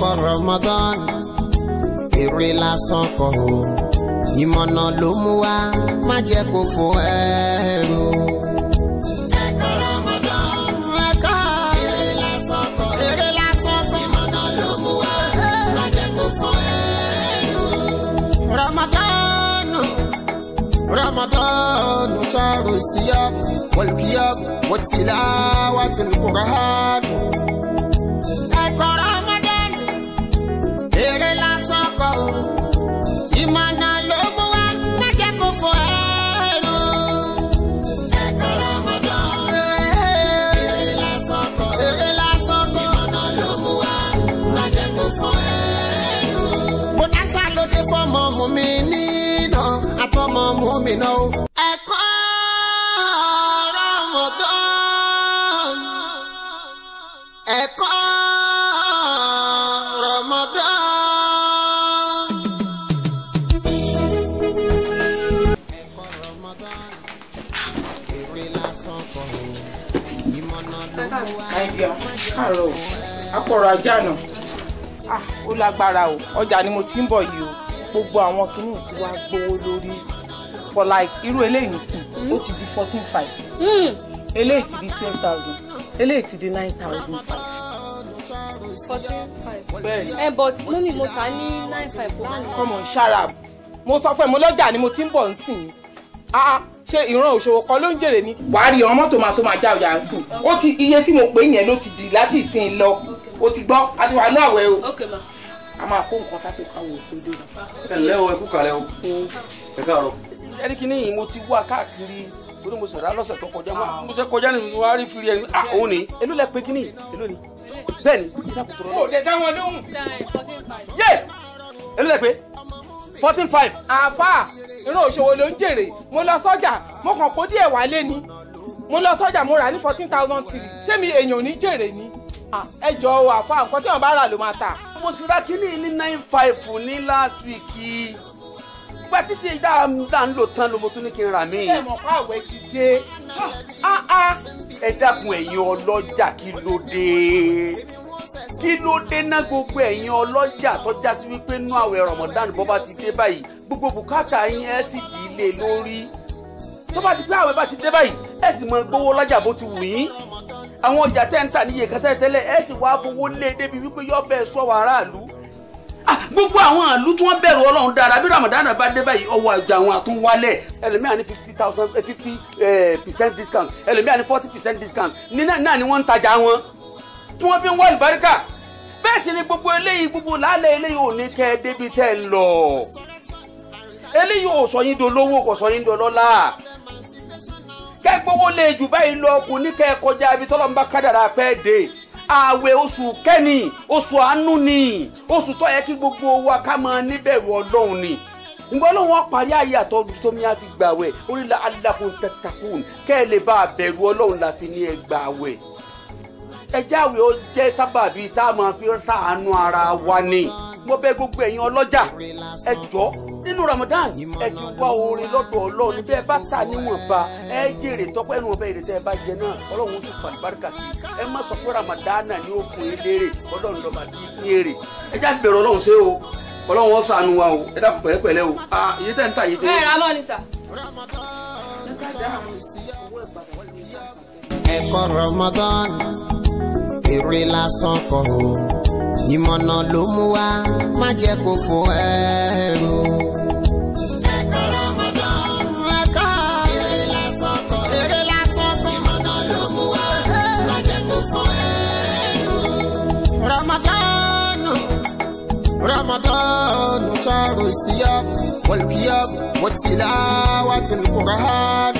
kọ́ Ramadan èrè lásán kọ́ o ìmọ̀nà ló mú wá má jẹ́ kó fò ẹ̀rù. رمضان شهر الصيام والقيام وتلاوة mi o. ẹ̀kọ́ Ramadan ẹ̀kọ́ Ramadan. ẹ̀kọ́ Ramadan èrè lásán kọ́ o ìmọ̀nà ló wá. àìdíà káàárọ̀ àpọ̀rọ̀ ajá náà ah, ó lágbára o ọjà ni mo ti ń bọ̀ yìí o gbogbo àwọn kìnnìún ti wá gbówó lórí for like irú eléyìí nìsín ó ti di fourteen five hmm. eléyìí ti di twelve thousand eléyìí ti di nine thousand five. fourteen five bẹ́ẹ̀ni ẹ eh, but mọ́mí mo ta ní nine five lánàá. come on sharap mo sọ fún ẹ mo lọ́jà ni mo ti ń bọ̀ ń sìn ah, ah, ṣe ìran òṣòwò kan ló ń jèrè ni. wàá rí ọmọ tó máa tó máa já ọjà sùn ó ti iye tí mo pè yẹn ló ti di láti ìsìn lọ o ti gbọ́ a ti wà ní àwẹ̀ o a máa kó nǹkan sátò káwọ̀ tó dé. ẹ ǹlẹ́ o ẹ kú kalẹ̀ o hmm. ẹ káàárọ̀ ẹni kìíní yìí mo ti wá káàkiri ó ní mo sì rà tó kọjá mọ́ ah. mo ṣe kọjá ní tuntun rí firi ẹni à ah, òun ni èló lẹ pé kìíní èló ni bẹ́ẹ̀ ni o lè wọn lóhùn yé èló lẹ pé fourteen five. àfà irun òṣòwò ló ń jèrè mo lọ sọ́jà mo kàn kó díẹ̀ wálé ni mo lọ sọ́jà mo rà ní fourteen thousand three ṣé mi èèyàn ò ní jèrè ni ẹ jọ̀ọ́ àfà nǹkan tí wọ́n bá rà ló máa tà. mo sì ra kínní ní nine five ní last week yìí gba títí dá ń lò tán ló mo tún ní kí n rà mí. ẹ mọ̀ pé àwẹ̀ ti dé ah, ah, ah. ẹ dákun ẹ̀yin ọlọ́jà kí ló dé kí ló dé ná gbogbo ẹ̀yin ọlọ́jà tọ́já sí wípé nú àwẹ̀ Ramadan bọ́ bá ti dé báyìí gbogbo bùkátà yín ẹ sì kì í lé lórí tó bá ti pé àwẹ̀ bá ti dé báyìí ẹ sì mọ gbowó lọ́jà bó ti wù yín àwọn ọjà tẹ́ ń tà níye kan ẹ sì wá fowó lé e débi wípé yọ́ọ́ gbogbo àwọn àlù tí wọ́n bẹ̀rù ọlọ́run dára bí ramadan bá dé báyìí ọwọ́ ọjà wọn àtún wálẹ̀ ẹlòmíà ní fifty thousand eh, fifty eh, percent discount ẹlòmíà ní forty percent discount nínú náà ni wọ́n ń tajà wọn tí wọ́n fi ń wá àlùbáríkà bẹ́ẹ̀ sì ni gbogbo eléyìí gbogbo làálẹ̀ eléyìí ò ní kẹ́ ẹ débi tẹ́ ẹ lọ eléyìí ò sọ yín dolówó kò sọ yín dolọ́lá kẹ́ gbowó lè e jù báyìí lọ kò ní kẹ́ ẹ kọjá ibi tọ́lọ́mbà kádàrá pẹ́ẹ́ dé ààwẹ̀ oṣù kẹ́ni oṣù àánú ni oṣù tó yẹ kí gbogbo wa ká máa níbẹ̀rù ọlọ́run ni ǹgbọ́n ló wọ́n parí ayé àtọ́jú tómi á fi gbàwẹ̀ orílẹ̀ alákun tẹ̀tàkùn kẹ́ ẹ lè bá a bẹ̀rù ọlọ́run la fi ní ẹ gbàwẹ̀ ẹjáwé ó jẹ́ sábàbí tá a máa fi ṣàánú ara wa ni mo bẹ̀ gbogbo ẹ̀yin ọlọ́jà ẹ nínú Ramadan ẹ ti wá oore lọ́dọ̀ Ọlọ́run bẹ́ẹ̀ bá ta níwọ̀nba ẹ jèrè tọ́pẹ́ ẹnu ọ̀bẹ ìrètẹ́ ẹ bá jẹ náà Ọlọ́run sì fà bárìkà sí ẹ má sọ pé Ramadan ni ó kun eléré Ọlọ́run lọ́ba ti ní èrè ẹ já bẹ̀rẹ̀ Ọlọ́run ṣe o Ọlọ́run ó ṣàánú wa o ẹ dákun pẹ̀lẹ́pẹ̀lẹ́ o iye tẹ́ ń ta iye tó. ẹ ra ni sà. ẹ̀kọ́ Ramadan èrè lásán kọ́ ìmọ̀nà ló mú wá má jẹ́ kó fò ẹrù. Ramadanu, Ramadanu, Charusiyab, Walkiyab, Watilawatul Qur'an.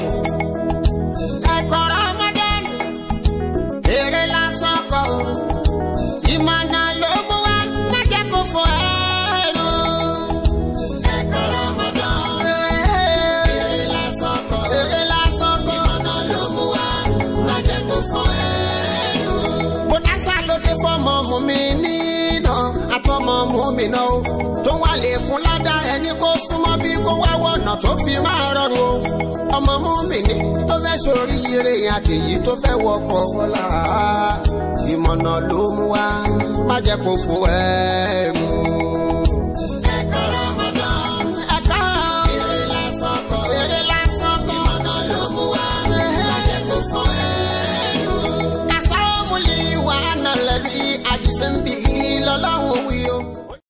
dènà o tó wà lè fún ládà ẹni kó súnmọ́ bí kó wá wọ̀nà tó fi máa rọrùn o ọmọ mú mi ní tó fẹ́ sórí ire àtèyí tó fẹ́ wọkọ̀ ọ̀la ìmọ̀nà ló mú wa má jẹ́ kó fò ẹ́